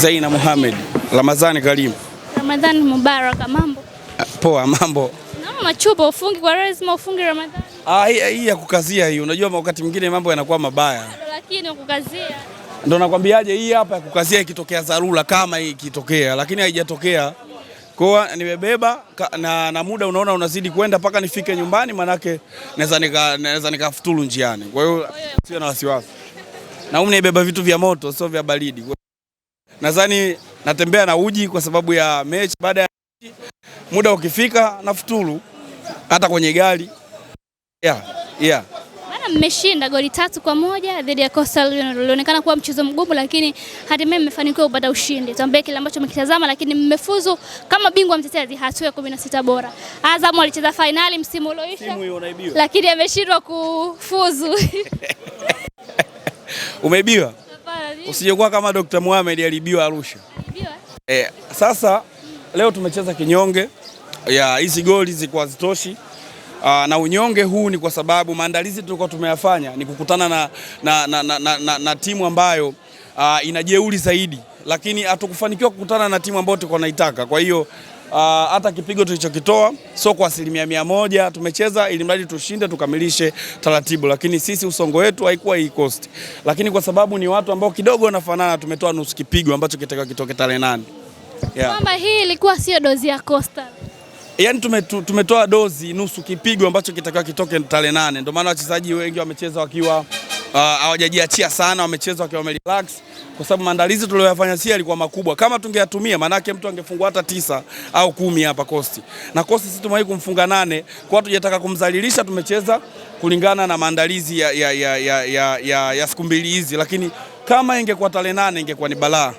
Zaina Muhammad. Ramadhani Karim. Ramadhani Mubarak. mambo? Poa, mambo. Naona chupa ufungi kwa lazima ufungi Ramadhani. Ah, hii ya kukazia hii. Unajua wakati mwingine mambo yanakuwa mabaya. Lakini kukazia Ndio nakwambiaje hii hapa ya kukazia ikitokea dharura kama hii ikitokea, lakini haijatokea. Kwa nimebeba na, na muda unaona unazidi kwenda mpaka nifike nyumbani, manake naweza nika naweza njiani. Kwa hiyo sio na wasiwasi. Na umebeba vitu vya moto sio vya baridi nadhani natembea na uji kwa sababu ya mechi. Baada ya muda ukifika na hata kwenye gari yeah, yeah. mmeshinda goli tatu kwa moja dhidi ya Coastal Union. Ulionekana kuwa mchezo mgumu, lakini hatimaye mmefanikiwa kupata ushindi. Tuambie kile ambacho mkitazama, lakini mmefuzu kama bingwa mtetezi hatua ya sita bora. Azam alicheza fainali msimu ulioisha, lakini ameshindwa kufuzu. Umeibiwa usijekuwa kama Dr. Mohamed alibiwa Arusha. Eh? eh, sasa leo tumecheza kinyonge ya hizi goli zilikuwa zitoshi Aa, ah, na unyonge huu ni kwa sababu maandalizi tulikuwa tumeyafanya ni kukutana na, na, na, na, na, na, na timu ambayo aa, ah, ina jeuri zaidi, lakini hatukufanikiwa kukutana na timu ambayo tulikuwa tunaitaka. Kwa hiyo ah, hata kipigo tulichokitoa sio kwa asilimia mia moja, tumecheza ili mradi tushinde tukamilishe taratibu, lakini sisi usongo wetu haikuwa hii cost, lakini kwa sababu ni watu ambao kidogo wanafanana, tumetoa nusu kipigo ambacho kitakiwa kitoke tarehe nane. Yeah. Kwamba hii ilikuwa sio dozi ya Coastal yani tumetoa tumetoa dozi nusu kipigo ambacho kitakiwa kitoke tarehe nane. Ndio maana wachezaji wengi wamecheza wakiwa uh, hawajajiachia uh, sana, wamecheza wakiwa wamerelax kwa sababu maandalizi tuliyoyafanya sisi yalikuwa makubwa. Kama tungeyatumia, maanake mtu angefungwa hata tisa au kumi hapa Kosti, na Kosti sisi tumewahi kumfunga nane, kwa hatujataka kumdhalilisha. Tumecheza kulingana na maandalizi ya, ya, ya, ya, ya, ya, ya siku mbili hizi, lakini kama ingekuwa tarehe nane ingekuwa ni balaa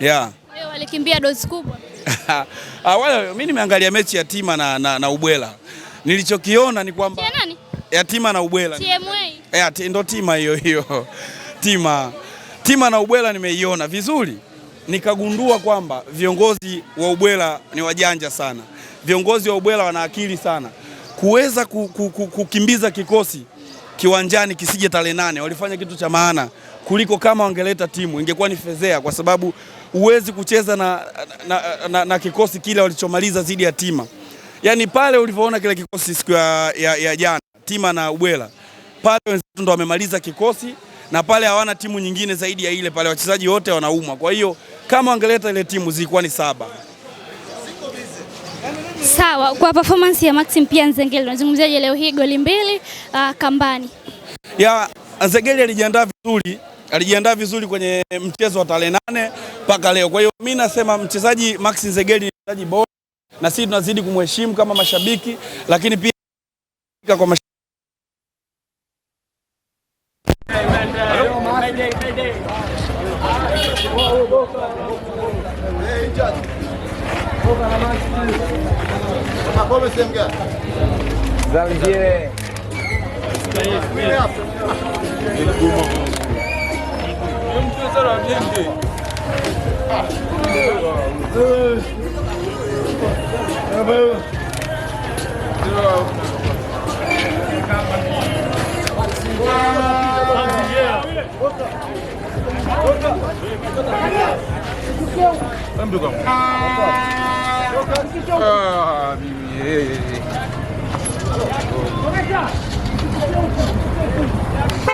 yeah. walikimbia dozi kubwa Ah, Wala mimi nimeangalia mechi ya Tima na, na, na Ubwela. Nilichokiona ni kwamba ya Tima na Ubwela. TMA. Ya eh, ndo Tima hiyo hiyo. Tima. Tima na Ubwela nimeiona vizuri. Nikagundua kwamba viongozi wa Ubwela ni wajanja sana. Viongozi wa Ubwela wana akili sana. Kuweza kukimbiza kikosi kiwanjani kisije tarehe nane, walifanya kitu cha maana kuliko kama wangeleta timu, ingekuwa ni fedhea, kwa sababu huwezi kucheza na, na, na, na, na kikosi kile walichomaliza dhidi ya Tima. Yaani pale ulivyoona kile kikosi siku ya, ya, ya jana Tima na Ubwela pale, wenzetu ndo wamemaliza kikosi na pale hawana timu nyingine zaidi ya ile pale, wachezaji wote wanaumwa. Kwa hiyo kama wangeleta ile timu zilikuwa ni saba. Sawa, kwa performance ya Maxim pia Nzengeli, unazungumziaje leo hii goli mbili uh, kambani? Ya Nzengeli alijiandaa vizuri alijiandaa vizuri kwenye mchezo wa tarehe nane mpaka leo. Kwa hiyo mi nasema mchezaji Max Nzegeli ni mchezaji bora, na sisi tunazidi kumheshimu kama mashabiki, lakini pia kwa mashabiki. 사람인데. 여보. 땀비가 아 미미 예.